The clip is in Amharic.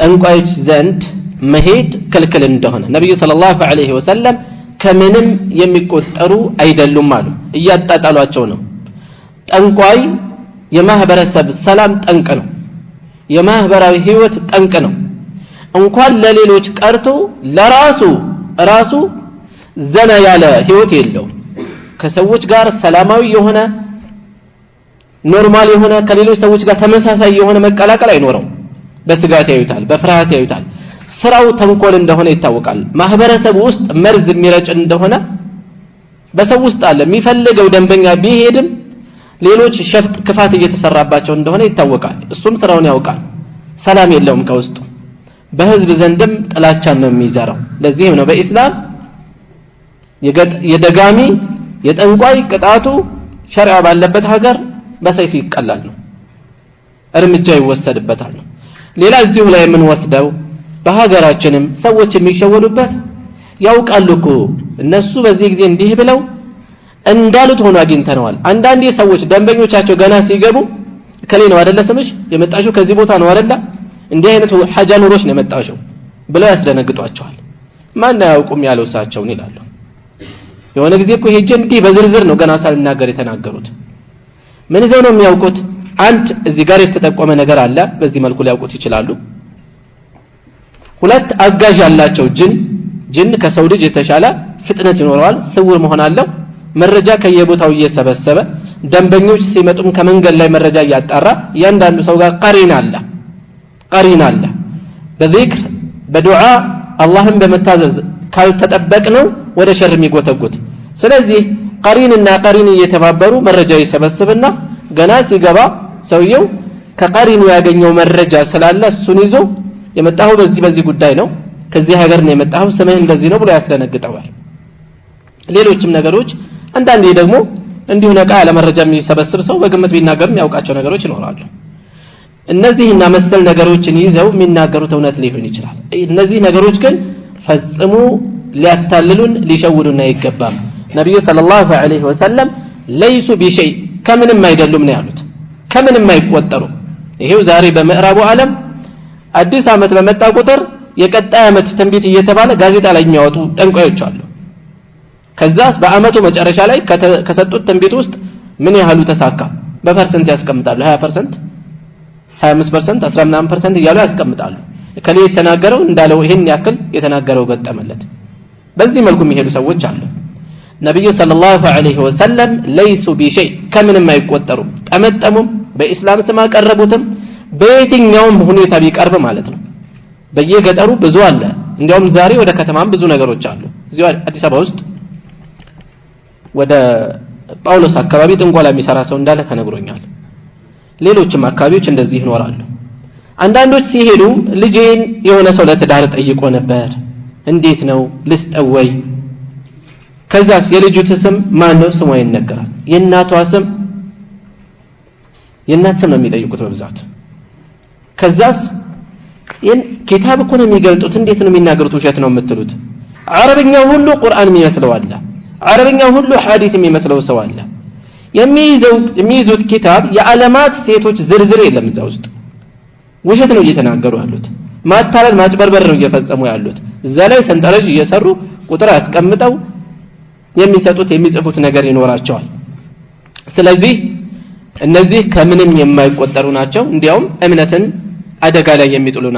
ጠንቋዮች ዘንድ መሄድ ክልክል እንደሆነ ነቢዩ ሰለላሁ ዐለይሂ ወሰለም ከምንም የሚቆጠሩ አይደሉም አሉ። እያጣጣሏቸው ነው። ጠንቋይ የማህበረሰብ ሰላም ጠንቅ ነው። የማህበራዊ ህይወት ጠንቅ ነው። እንኳን ለሌሎች ቀርቶ ለራሱ ራሱ ዘና ያለ ህይወት የለው ከሰዎች ጋር ሰላማዊ የሆነ ኖርማል የሆነ ከሌሎች ሰዎች ጋር ተመሳሳይ የሆነ መቀላቀል አይኖረው። በስጋት ያዩታል፣ በፍርሃት ያዩታል። ስራው ተንኮል እንደሆነ ይታወቃል። ማህበረሰብ ውስጥ መርዝ የሚረጭ እንደሆነ በሰው ውስጥ አለ። የሚፈልገው ደንበኛ ቢሄድም ሌሎች ሸፍጥ፣ ክፋት እየተሰራባቸው እንደሆነ ይታወቃል። እሱም ስራውን ያውቃል። ሰላም የለውም ከውስጡ። በህዝብ ዘንድም ጥላቻን ነው የሚዘራው። ለዚህም ነው በኢስላም የደጋሚ የጠንቋይ ቅጣቱ ሸሪዓ ባለበት ሀገር በሰይፍ ይቀላል ነው፣ እርምጃ ይወሰድበታል ነው። ሌላ እዚሁ ላይ የምንወስደው በሀገራችንም ሰዎች የሚሸወዱበት ያውቃሉ እኮ እነሱ በዚህ ጊዜ እንዲህ ብለው እንዳሉት ሆኖ አግኝተነዋል። አንዳንዴ ሰዎች ደንበኞቻቸው ገና ሲገቡ ከሌ ነው አደለ ስምሽ የመጣሹ ከዚህ ቦታ ነው አደለ እንዲህ አይነት ሐጃ ኑሮች ነው የመጣሽው ብለው ያስደነግጧቸዋል። ማን አያውቁም ያለው እሳቸውን ይላሉ። የሆነ ጊዜ እኮ ሄጄ እንዲህ በዝርዝር ነው ገና ሳልናገር የተናገሩት። ምን ይዘው ነው የሚያውቁት? አንድ እዚህ ጋር የተጠቆመ ነገር አለ። በዚህ መልኩ ሊያውቁት ይችላሉ። ሁለት አጋዥ ያላቸው ጅን ጅን ከሰው ልጅ የተሻለ ፍጥነት ይኖረዋል። ስውር መሆን አለው። መረጃ ከየቦታው እየሰበሰበ ደንበኞች ሲመጡም ከመንገድ ላይ መረጃ እያጣራ እያንዳንዱ ሰው ጋር ቀሪን አለ ቀሪን አለ። በዚክር በዱዓ አላህን በመታዘዝ ነው ወደ ሸር የሚጎተጉት። ስለዚህ ቀሪንና ቀሪን እየተባበሩ መረጃ ይሰበስብና ገና ሲገባ ሰውየው ከቀሪኑ ያገኘው መረጃ ስላለ እሱን ይዞ የመጣኸው በዚህ በዚህ ጉዳይ ነው፣ ከዚህ ሀገር ነው የመጣኸው፣ ስምህ እንደዚህ ነው ብሎ ያስደነግጠዋል። ሌሎችም ነገሮች አንዳንዴ ደግሞ እንዲሁ ነቃ ያለ መረጃ የሚሰበስብ ሰው በግምት ቢናገሩ የሚያውቃቸው ነገሮች ይኖራሉ። እነዚህና መሰል ነገሮችን ይዘው የሚናገሩት እውነት ሊሆን ይችላል። እነዚህ ነገሮች ግን ፈጽሞ ሊያታልሉን ሊሸውዱን አይገባም። ነቢዩ ሰለላሁ ዐለይሂ ወሰለም ለይሱ ቢሸይ ከምንም አይደሉም ነው ያሉት። ከምንም የማይቆጠሩ? ይሄው ዛሬ በምዕራቡ ዓለም አዲስ ዓመት በመጣ ቁጥር የቀጣይ አመት ትንቢት እየተባለ ጋዜጣ ላይ የሚያወጡ ጠንቋዮች አሉ። ከዛስ በአመቱ መጨረሻ ላይ ከሰጡት ትንቢት ውስጥ ምን ያህሉ ተሳካ በፐርሰንት ያስቀምጣሉ። 20 25 ፐርሰንት፣ እያሉ ያስቀምጣሉ። እከሌ የተናገረው እንዳለው ይሄን ያክል የተናገረው ገጠመለት። በዚህ መልኩ የሚሄዱ ሰዎች አሉ። ነብዩ ሰለላሁ ዐለይሂ ወሰለም ለይሱ ቢሸይ ከምንም አይቆጠሩም። ጠመጠሙም፣ በኢስላም ስም አቀረቡትም። በየትኛውም ሁኔታ ቢቀርብ ማለት ነው። በየገጠሩ ብዙ አለ። እንዲያውም ዛሬ ወደ ከተማም ብዙ ነገሮች አሉ። እዚሁ አዲስ አበባ ውስጥ ወደ ጳውሎስ አካባቢ ጥንቆላ የሚሰራ ሰው እንዳለ ተነግሮኛል። ሌሎችም አካባቢዎች እንደዚህ ይኖራሉ። አንዳንዶች ሲሄዱ ልጄን የሆነ ሰው ለትዳር ጠይቆ ነበር፣ እንዴት ነው ልስጠወይ? ከዛስ የልጁት ስም ማን ነው? ስሟ ይነገራል። የእናቷ ስም የእናት ስም ነው የሚጠይቁት በብዛት ከዛስ ይህን ኪታብ እኮ ነው የሚገልጡት እንዴት ነው የሚናገሩት ውሸት ነው የምትሉት አረብኛው ሁሉ ቁርአን የሚመስለው አለ አረብኛው ሁሉ ሐዲት የሚመስለው ሰው አለ የሚይዙት ኪታብ የዓለማት ሴቶች ዝርዝር የለም እዛ ውስጥ ውሸት ነው እየተናገሩ ያሉት ማታለል ማጭበርበር ነው እየፈጸሙ ያሉት እዛ ላይ ሰንጠረዥ እየሰሩ ቁጥር አስቀምጠው የሚሰጡት የሚጽፉት ነገር ይኖራቸዋል ስለዚህ እነዚህ ከምንም የማይቆጠሩ ናቸው። እንዲያውም እምነትን አደጋ ላይ የሚጥሉ ናቸው።